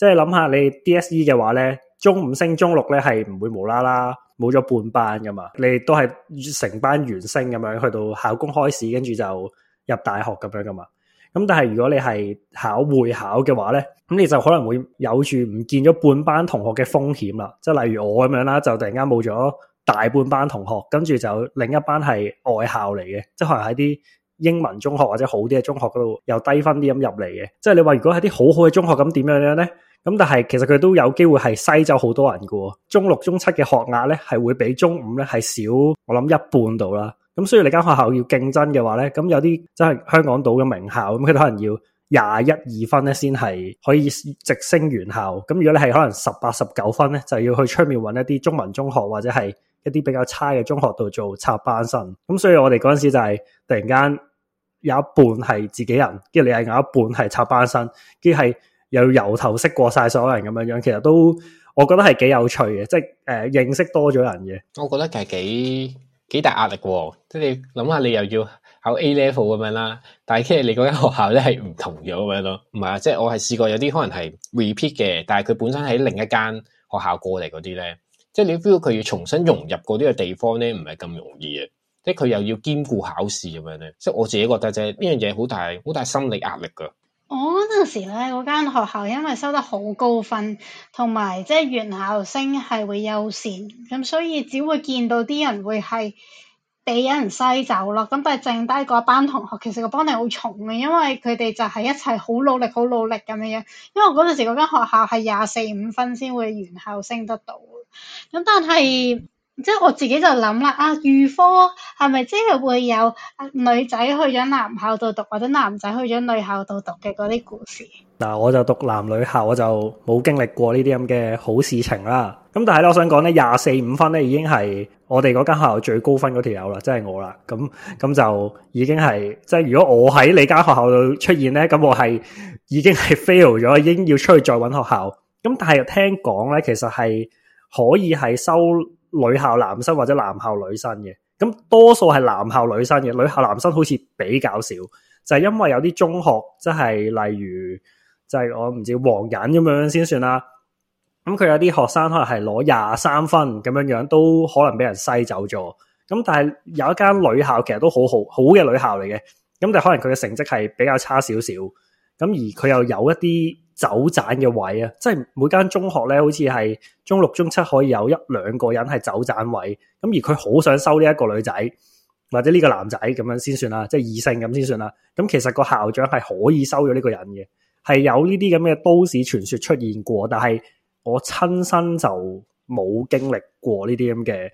即係諗下，你 DSE 嘅話咧，中五升中六咧係唔會無啦啦冇咗半班噶嘛？你都係成班原升咁樣去到考公開試，跟住就入大學咁樣噶嘛？咁但係如果你係考會考嘅話咧，咁你就可能會有住唔見咗半班同學嘅風險啦。即係例如我咁樣啦，就突然間冇咗大半班同學，跟住就另一班係外校嚟嘅，即係可能喺啲英文中學或者好啲嘅中學嗰度又低分啲咁入嚟嘅。即係你話如果喺啲好好嘅中學咁點樣樣咧？咁但係其實佢都有機會係篩走好多人噶喎，中六中七嘅學額咧係會比中五咧係少，我諗一半度啦。咁所以你間學校要競爭嘅話咧，咁有啲真係香港島嘅名校，咁佢可能要廿一二分咧先係可以直升原校。咁如果你係可能十八、十九分咧，就要去出面搵一啲中文中學或者係一啲比較差嘅中學度做插班生。咁所以我哋嗰陣時就係突然間有一半係自己人，跟住你係有一半係插班生，跟住係。又由頭識過晒所有人咁樣樣，其實都我覺得係幾有趣嘅，即係誒認識多咗人嘅。我覺得其實幾幾大壓力喎、哦，即係你諗下，你又要考 A level 咁樣啦，但係其實你嗰間學校咧係唔同咗咁樣咯。唔係啊，即係我係試過有啲可能係 repeat 嘅，但係佢本身喺另一間學校過嚟嗰啲咧，即係你 feel 佢要重新融入嗰啲嘅地方咧，唔係咁容易嘅，即係佢又要兼顧考試咁樣咧。即係我自己覺得啫，呢樣嘢好大好大心理壓力噶。我嗰陣時咧，嗰間學校因為收得好高分，同埋即係原校升係會優先，咁所以只會見到啲人會係俾人篩走咯。咁但係剩低嗰一班同學，其實個幫你好重嘅，因為佢哋就係一齊好努力、好努力咁樣樣。因為我嗰陣時嗰間學校係廿四五分先會原校升得到，咁但係，即係我自己就諗啦，啊，預科係咪即係會有女仔去咗男校度讀，或者男仔去咗女校度讀嘅嗰啲故事？嗱、啊，我就讀男女校，我就冇經歷過呢啲咁嘅好事情啦。咁但係我想講呢，廿四五分呢已經係我哋嗰間學校最高分嗰條友啦，即係我啦。咁咁就已經係即係，如果我喺你間學校度出現呢，咁我係已經係 fail 咗，已經要出去再搵學校。咁但係又聽講呢，其實係可以係收。女校男生或者男校女生嘅，咁多數係男校女生嘅，女校男生好似比較少，就係因為有啲中學即係例如，就係我唔知黃眼咁樣先算啦。咁佢有啲學生可能係攞廿三分咁樣樣，都可能俾人篩走咗。咁但係有一間女校其實都好好好嘅女校嚟嘅，咁但係可能佢嘅成績係比較差少少，咁而佢又有一啲。走盞嘅位啊，即係每間中學咧，好似係中六中七可以有一兩個人係走盞位，咁而佢好想收呢一個女仔或者呢個男仔咁樣先算啦，即係異性咁先算啦。咁其實個校長係可以收咗呢個人嘅，係有呢啲咁嘅都市傳說出現過，但係我親身就冇經歷過呢啲咁嘅。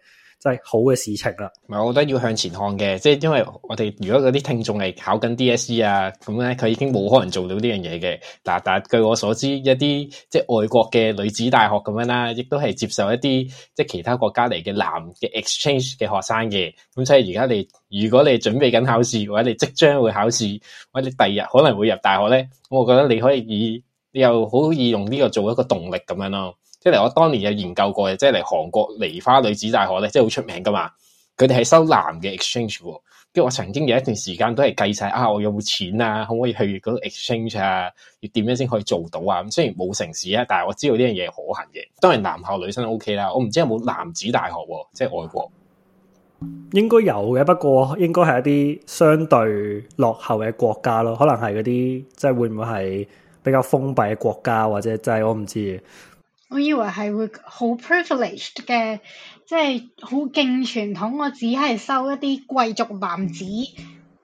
好嘅事情啦，唔係我覺得要向前看嘅，即係因為我哋如果嗰啲聽眾係考緊 DSE 啊，咁咧佢已經冇可能做到呢樣嘢嘅。嗱，但係據我所知，一啲即係外國嘅女子大學咁樣啦、啊，亦都係接受一啲即係其他國家嚟嘅男嘅 exchange 嘅學生嘅。咁所以而家你如果你準備緊考試，或者你即將會考試，或者你第二日可能會入大學咧，我覺得你可以以你又好以用呢個做一個動力咁樣咯、啊。即係我當年有研究過嘅，即係嚟韓國梨花女子大學咧，即係好出名噶嘛。佢哋係收男嘅 exchange，跟住我曾經有一段時間都係計晒啊，我有冇錢啊，可唔可以去嗰個 exchange 啊？要點樣先可以做到啊？咁雖然冇成事啊，但係我知道呢樣嘢可行嘅。當然男校女生 O K 啦，我唔知有冇男子大學，即係外國應該有嘅，不過應該係一啲相對落後嘅國家咯，可能係嗰啲即係會唔會係比較封閉嘅國家，或者即係我唔知。我以為係會好 privileged 嘅，即係好勁傳統。我只係收一啲貴族男子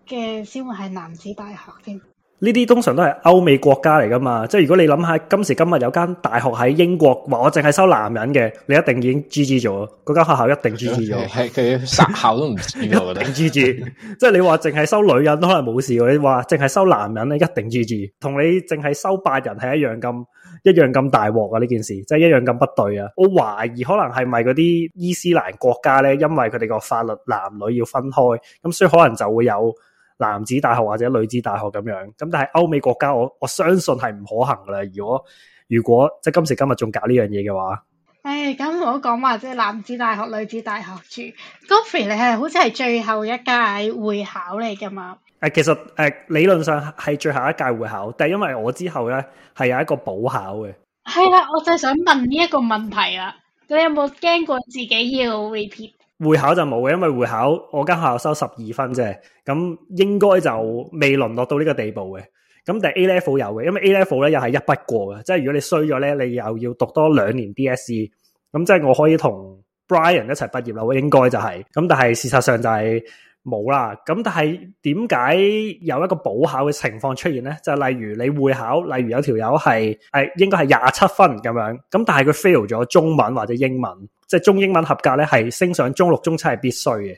嘅，先會係男子大學添。呢啲通常都係歐美國家嚟噶嘛？即係如果你諗下今時今日有間大學喺英國，話我淨係收男人嘅，你一定已經 g g 咗。嗰間學校一定 g g 咗，係佢殺校都唔知。我一定 g g，即係你話淨係收女人都係冇事。你話淨係收男人咧，你一定 g g，同你淨係收白人係一樣咁。一樣咁大鑊啊！呢件事即係一樣咁不對啊！我懷疑可能係咪嗰啲伊斯蘭國家咧，因為佢哋個法律男女要分開，咁、嗯、所以可能就會有男子大學或者女子大學咁樣。咁、嗯、但係歐美國家我，我我相信係唔可行噶啦。如果如果即係今時今日仲搞呢樣嘢嘅話，誒、哎，咁唔好講話即係男子大學、女子大學住。Godfrey 咧，好似係最後一屆會考嚟嘅嘛？誒，其實誒，理論上係最後一屆會考，但係因為我之後咧係有一個補考嘅。係啦，我就係想問呢一個問題啦，你有冇驚過自己要 repeat？會考就冇嘅，因為會考我間學校收十二分啫，咁應該就未淪落到呢個地步嘅。咁但係 A level 有嘅，因為 A level 咧又係一筆過嘅，即係如果你衰咗咧，你又要讀多兩年 DSE，咁即係我可以同 Brian 一齊畢業啦，應該就係、是。咁但係事實上就係、是。冇啦，咁但係點解有一個補考嘅情況出現呢？就係、例如你會考，例如有條友係誒，應該係廿七分咁樣，咁但係佢 fail 咗中文或者英文，即係中英文合格呢係升上中六、中七係必須嘅。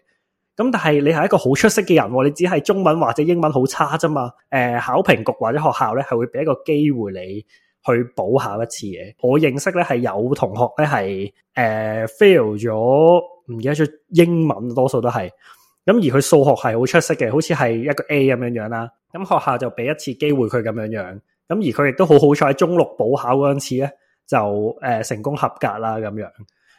咁但係你係一個好出色嘅人、喎，你只係中文或者英文好差啫嘛。誒、呃，考評局或者學校呢係會俾一個機會你去補考一次嘅。我認識呢係有同學呢係誒 fail 咗，唔、呃、記得咗英文，多數都係。咁而佢數學係好出色嘅，好似係一個 A 咁樣樣啦。咁、嗯、學校就俾一次機會佢咁樣樣。咁、嗯、而佢亦都好好彩，中六補考嗰陣時咧就誒、呃、成功合格啦咁樣。咁、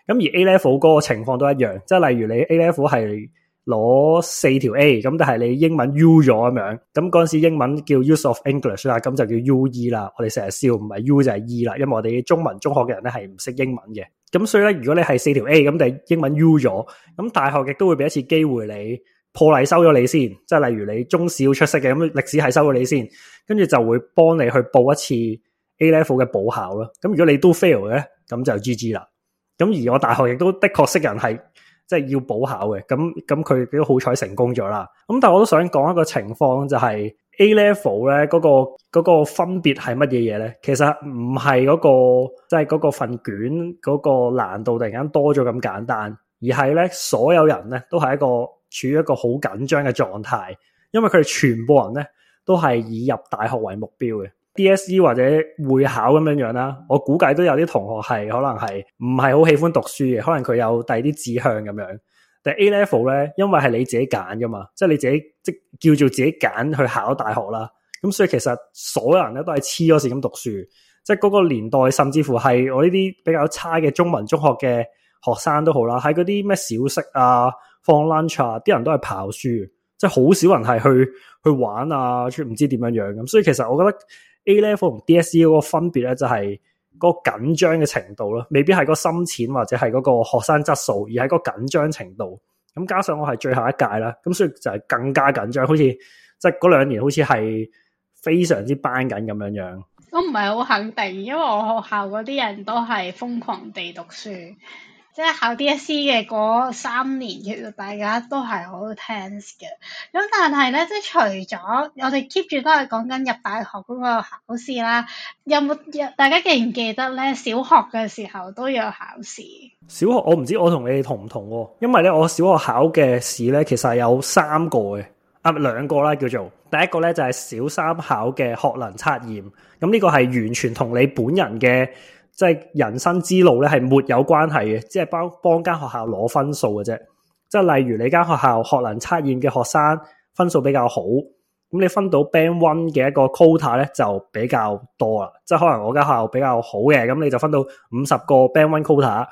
嗯、而 A Level 嗰個情況都一樣，即係例如你 A Level 係攞四條 A，咁但係你英文 U 咗咁樣。咁嗰陣時英文叫 Use of English 啦，咁就叫 UE 啦。我哋成日笑唔係 U 就係 E 啦，因為我哋中文中學嘅人咧係唔識英文嘅。咁所以咧，如果你係四條 A，咁第英文 U 咗，咁大學亦都會俾一次機會你破例收咗你先，即係例如你中史要出色嘅，咁歷史係收咗你先，跟住就會幫你去報一次 A level 嘅補考咯。咁如果你都 fail 嘅，咁就 G G 啦。咁而我大學亦都的確識人係即係要補考嘅，咁咁佢都好彩成功咗啦。咁但係我都想講一個情況就係。A level 咧、嗰、嗰、個嗰個分別係乜嘢嘢咧？其實唔係嗰個即係嗰個份卷嗰、嗰個難度突然間多咗咁簡單，而係咧所有人咧都係一個處於一個好緊張嘅狀態，因為佢哋全部人咧都係以入大學為目標嘅。DSE 或者會考咁樣樣啦，我估計都有啲同學係可能係唔係好喜歡讀書嘅，可能佢有第二啲志向咁樣。但 A level 咧，因為係你自己揀噶嘛，即係你自己即叫做自己揀去考大學啦。咁所以其實所有人咧都係黐咗線咁讀書，即係嗰個年代，甚至乎係我呢啲比較差嘅中文中學嘅學生都好啦，喺嗰啲咩小息啊、放 lunch 啊，啲人都係刨書，即係好少人係去去玩啊，唔知點樣樣咁。所以其實我覺得 A level 同 DSE 嗰個分別咧就係、是。個緊張嘅程度咯，未必係個深淺或者係嗰個學生質素，而係個緊張程度。咁加上我係最後一屆啦，咁所以就係更加緊張，好似即係嗰兩年，好似係非常之班緊咁樣樣。我唔係好肯定，因為我學校嗰啲人都係瘋狂地讀書。即係考 DSE 嘅嗰三年，其實大家都係好 tense 嘅。咁但係咧，即係除咗我哋 keep 住都係講緊入大學嗰個考試啦。有冇大家記唔記得咧？小學嘅時候都有考試。小學我唔知我同你哋同唔同喎，因為咧我小學考嘅試咧其實有三個嘅，啊兩個啦，叫做第一個咧就係小三考嘅學能測驗，咁，嗯，呢個係完全同你本人嘅。即係人生之路咧，係沒有關係嘅，即係幫幫間學校攞分數嘅啫。即係例如你間學校學能測驗嘅學生分數比較好，咁你分到 Band One 嘅一個 quota 咧就比較多啦。即係可能我間學校比較好嘅，咁你就分到五十個 Band One quota。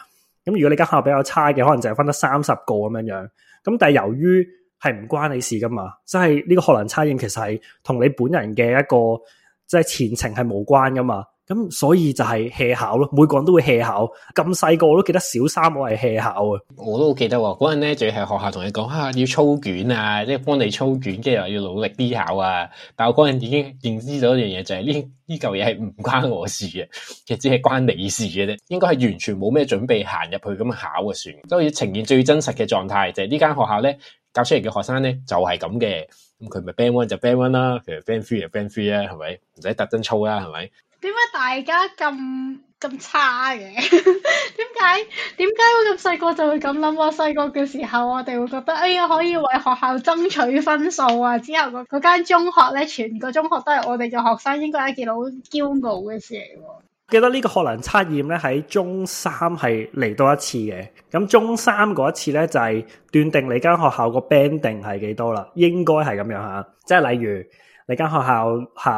咁如果你間學校比較差嘅，可能就係分得三十個咁樣樣。咁但係由於係唔關你事噶嘛，即係呢個學能測驗其實係同你本人嘅一個即係、就是、前程係無關噶嘛。咁所以就係 hea 考咯，每個人都會 hea 考咁細個，我都記得小三我係 hea 考啊。我都好記得嗰陣咧，仲要係學校同你講吓、啊，要操卷啊，即係幫你操卷，跟住又要努力啲考啊。但我嗰陣已經認知咗一樣嘢，就係呢呢嚿嘢係唔關我事嘅，其實只係關你事嘅啫。應該係完全冇咩準備行入去咁考啊，就算。所以要呈現最真實嘅狀態就係呢間學校咧教出嚟嘅學生咧就係咁嘅。咁佢咪 band one 就 band one 啦，其實 band three 就 band three 啦，係咪唔使特登操啦，係咪？點解大家咁咁差嘅？點解點解我咁細個就會咁諗？我細個嘅時候，我哋會覺得，哎呀，可以為學校爭取分數啊！之後嗰間中學咧，全個中學都係我哋嘅學生，應該係一件好驕傲嘅事嚟喎。記得呢個學能測驗咧，喺中三係嚟多一次嘅。咁中三嗰一次咧，就係斷定你間學校個 banding 係幾多啦。應該係咁樣吓，即係例如。你間學校考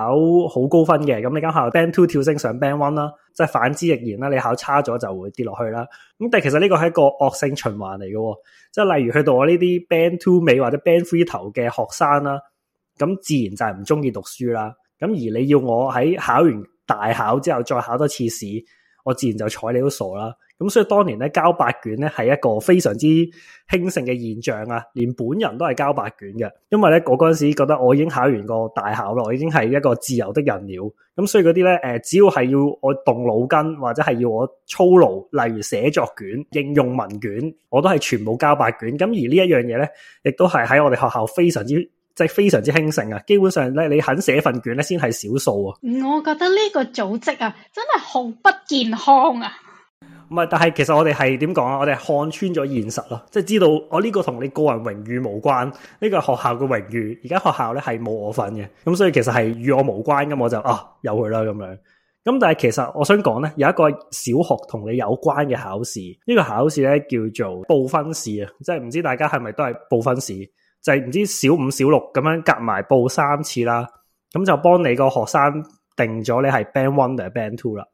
好高分嘅，咁你間學校 Band Two 跳升上 Band One 啦，即係反之亦然啦。你考差咗就會跌落去啦。咁但係其實呢個係一個惡性循環嚟嘅，即係例如去到我呢啲 Band Two 尾或者 Band Three 頭嘅學生啦，咁自然就係唔中意讀書啦。咁而你要我喺考完大考之後再考多次試，我自然就睬你都傻啦。咁所以當年咧，交白卷咧，係一個非常之興盛嘅現象啊，連本人都係交白卷嘅，因為咧，嗰陣時覺得我已經考完個大考啦，我已經係一個自由的人了。咁所以嗰啲咧，誒，只要係要我動腦筋或者係要我操勞，例如寫作卷、應用文卷，我都係全部交白卷。咁而呢一樣嘢咧，亦都係喺我哋學校非常之即係非常之興盛啊。基本上咧，你肯寫份卷咧，先係少數啊。我覺得呢個組織啊，真係好不健康啊！但係其實我哋係點講啊？我哋係看穿咗現實咯，即係知道我呢個同你個人榮譽無關，呢個學校嘅榮譽，而家學校咧係冇我份嘅，咁所以其實係與我無關。咁我就啊有佢啦咁樣。咁但係其實我想講咧，有一個小學同你有關嘅考試，呢個考試咧叫做報分試啊，即係唔知大家係咪都係報分試？就係唔知小五小六咁樣夾埋報三次啦，咁就幫你個學生定咗你係 Band One 定 Band Two 啦。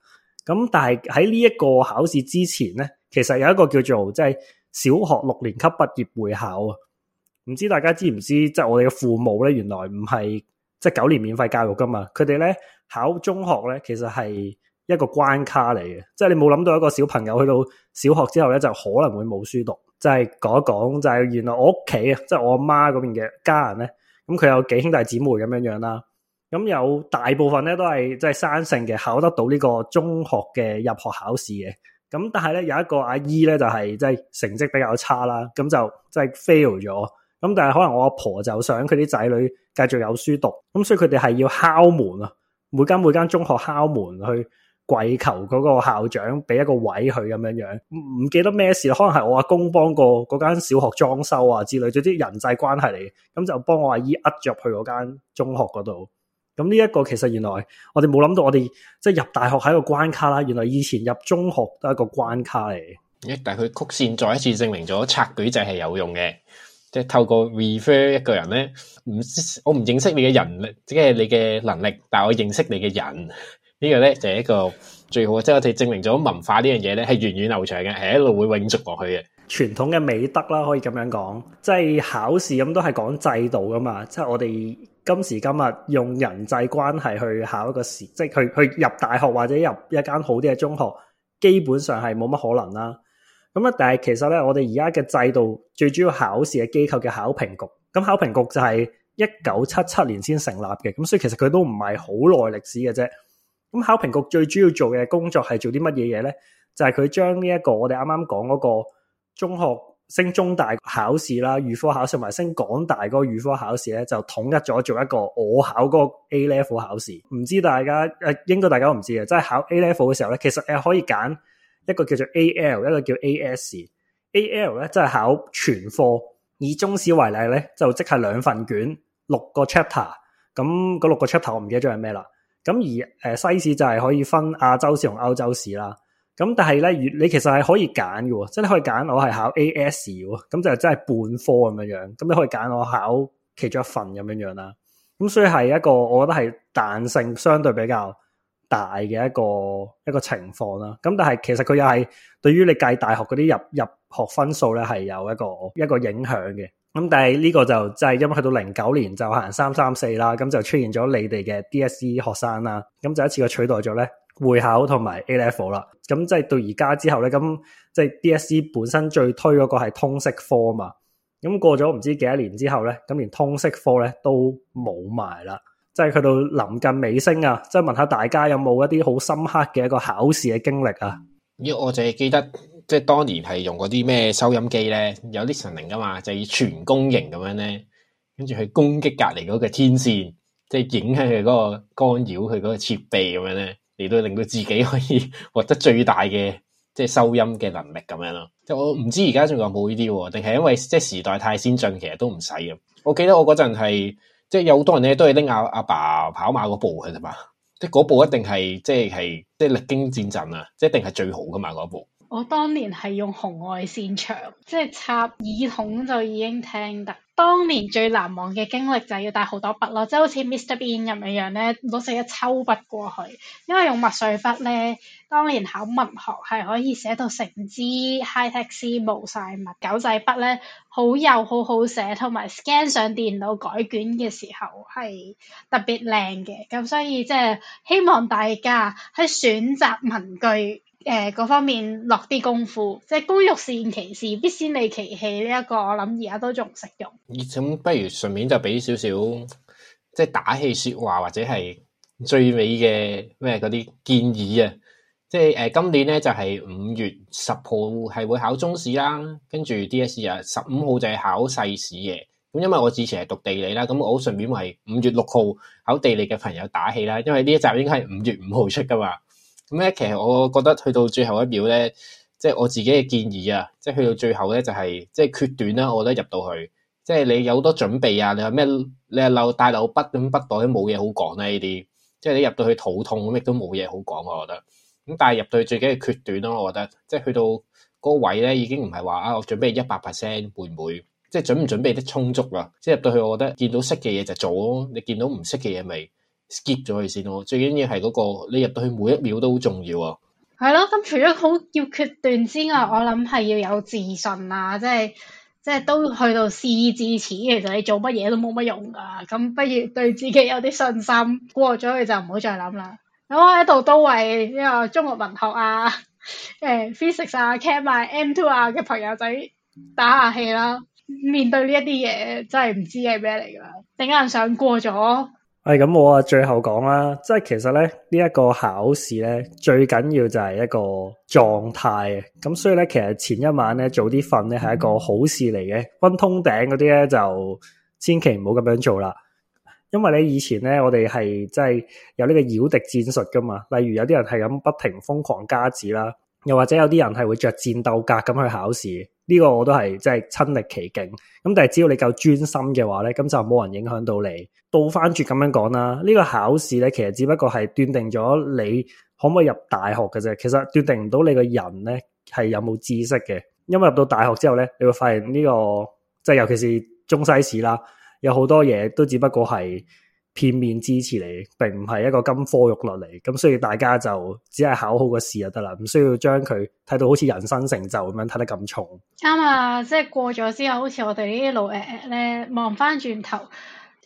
咁、嗯、但係喺呢一個考試之前咧，其實有一個叫做即係、就是、小學六年級畢業會考啊，唔知大家知唔知？即、就、係、是、我哋嘅父母咧，原來唔係即係九年免費教育噶嘛，佢哋咧考中學咧，其實係一個關卡嚟嘅，即、就、係、是、你冇諗到一個小朋友去到小學之後咧，就可能會冇書讀。即係講一講，就係、是、原來我屋企啊，即、就、係、是、我阿媽嗰邊嘅家人咧，咁、嗯、佢有幾兄弟姊妹咁樣樣啦。咁有大部分咧都係即係生性嘅，考得到呢個中學嘅入學考試嘅。咁但係咧有一個阿姨咧就係即係成績比較差啦，咁就即係 fail 咗，咁但係可能我阿婆就想佢啲仔女繼續有書讀，咁所以佢哋係要敲門啊，每間每間中學敲門去跪求嗰個校長俾一個位佢咁樣樣。唔記得咩事，可能係我阿公幫過嗰間小學裝修啊之類，總啲人際關係嚟，咁就幫我阿姨呃着去嗰間中學嗰度。咁呢一個其實原來我哋冇諗到，我哋即係入大學係一個關卡啦。原來以前入中學都係一個關卡嚟。咦？但係佢曲線再一次證明咗科舉制係有用嘅，即係透過 refer 一個人咧，唔我唔認識你嘅人，即係你嘅能力，但係我認識你嘅人，這個，呢個咧就係一個最好，即係我哋證明咗文化呢樣嘢咧係源遠流長嘅，係一路會永續落去嘅傳統嘅美德啦，可以咁樣講。即係考試咁都係講制度噶嘛，即係我哋。今時今日用人際關係去考一個試，即係去去入大學或者入一間好啲嘅中學，基本上係冇乜可能啦。咁啊，但係其實咧，我哋而家嘅制度最主要考試嘅機構嘅考評局，咁考評局就係一九七七年先成立嘅，咁所以其實佢都唔係好耐歷史嘅啫。咁考評局最主要做嘅工作係做啲乜嘢嘢咧？就係、是、佢將呢一個我哋啱啱講嗰個中學。升中大考試啦，預科考試，同埋升港大嗰個預科考試咧，就統一咗做一個我考嗰個 A level 考試。唔知大家誒，應該大家都唔知嘅，即係考 A level 嘅時候咧，其實誒可以揀一個叫做 AL，一個叫 AS。AL 咧即係考全科，以中史為例咧，就即係兩份卷，六個 chapter。咁嗰六個 chapter 我唔記得咗係咩啦。咁而誒西史就係可以分亞洲史同歐洲史啦。咁但係咧，你其實係可以揀嘅，即係你可以揀我係考 A S 喎，咁就真係半科咁樣樣。咁你可以揀我，我考其中一份咁樣樣啦。咁所以係一個，我覺得係彈性相對比較大嘅一個一個情況啦。咁但係其實佢又係對於你計大學嗰啲入入學分數咧，係有一個一個影響嘅。咁但係呢個就真係因為去到零九年就行三三四啦，咁就出現咗你哋嘅 D S E 學生啦。咁就一次個取代咗咧。會考同埋 A level 啦，咁即係到而家之後咧，咁即係 DSE 本身最推嗰個係通識科啊嘛，咁過咗唔知幾多年之後咧，咁連通識科咧都冇埋啦，即係去到臨近尾聲啊即係問下大家有冇一啲好深刻嘅一個考試嘅經歷啊咦，我就係記得即係當年係用嗰啲咩收音機咧，有啲神靈噶嘛，就係以全公型咁樣咧，跟住去攻擊隔籬嗰個天線，即係影響佢嗰個干擾佢嗰個設備咁樣咧。嚟到令到自己可以獲得最大嘅即係收音嘅能力咁樣咯，即係我唔知而家仲有冇呢啲，定係因為即係時代太先進，其實都唔使啊。我記得我嗰陣係即係有好多人咧都係拎阿阿爸跑馬嗰部嘅啫嘛，即係嗰部一定係即係係即係歷經戰陣啊，即係一定係最好噶嘛嗰部。我當年係用紅外線場，即係插耳筒就已經聽得。當年最難忘嘅經歷就係要帶好多筆咯，即係好似 Mr Bean 咁樣樣咧，攞成一抽筆過去，因為用墨水筆咧，當年考文學係可以寫到成支 high text 無晒墨，狗仔筆咧好幼好好寫，同埋 scan 上電腦改卷嘅時候係特別靚嘅，咁所以即係希望大家去選擇文具。誒，嗰、呃、方面落啲功夫，即係工欲善其事，必先利其器呢、這、一個，我諗而家都仲唔識用。咁不如順便就俾少少，即係打氣說話或者係最尾嘅咩嗰啲建議啊！即係誒、呃，今年咧就係、是、五月十號係會考中史啦，跟住 DSE 啊，十五號就係考世史嘅。咁因為我之前係讀地理啦，咁我好順便為五月六號考地理嘅朋友打氣啦，因為呢一集應該係五月五號出噶嘛。咁咧，其實我覺得去到最後一秒咧，即係我自己嘅建議啊，即係去到最後咧就係即係決斷啦。我覺得入到去，即係你有好多準備啊，你話咩？你又漏帶漏筆咁筆袋，都冇嘢好講啦。呢啲即係你入到去肚痛咁，亦都冇嘢好講。我覺得咁，但係入到去最緊要決斷咯。我覺得即係去到嗰位咧，已經唔係話啊，我準備一百 percent 會唔會？即係準唔準備得充足啦。即係入到去，我覺得見到識嘅嘢就做咯。你見到唔識嘅嘢未？skip 咗佢先咯，最緊要係嗰、那個你入到去每一秒都好重要啊！係咯，咁除咗好要決斷之外，我諗係要有自信啊！即係即係都去到事以至此，其實你做乜嘢都冇乜用噶。咁不如對自己有啲信心，過咗去就唔好再諗啦。咁我喺度都為呢個中國文學啊、誒、欸、physics 啊、Chem 啊、M two 啊嘅朋友仔打下氣啦。面對呢一啲嘢真係唔知係咩嚟噶，頂硬上過咗。誒，咁、哎、我啊、這個，最後講啦，即係其實咧呢一個考試咧最緊要就係一個狀態。咁所以咧，其實前一晚咧早啲瞓咧係一個好事嚟嘅。溫通頂嗰啲咧就千祈唔好咁樣做啦，因為咧以前咧我哋係即係有呢個擾敵戰術噶嘛，例如有啲人係咁不停瘋狂加紙啦，又或者有啲人係會着戰鬥格咁去考試。呢個我都係即係親歷其境，咁但係只要你夠專心嘅話咧，咁就冇人影響到你。倒翻轉咁樣講啦，呢個考試咧其實只不過係斷定咗你可唔可以入大學嘅啫，其實斷定唔到你個人咧係有冇知識嘅，因為入到大學之後咧，你會發現呢個即係尤其是中西史啦，有好多嘢都只不過係，片面支持你，並唔係一個金科玉律嚟。咁所以大家就只係考好個試就得啦，唔需要將佢睇到好似人生成就咁樣睇得咁重。啱啊，嗯，即係過咗之後，好似我哋呢啲老 A A 咧，望返轉頭，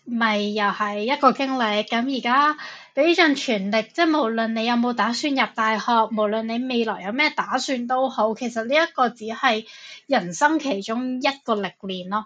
咪又係一個經歷。咁而家俾盡全力，即係無論你有冇打算入大學，無論你未來有咩打算都好，其實呢一個只係人生其中一個歷練咯。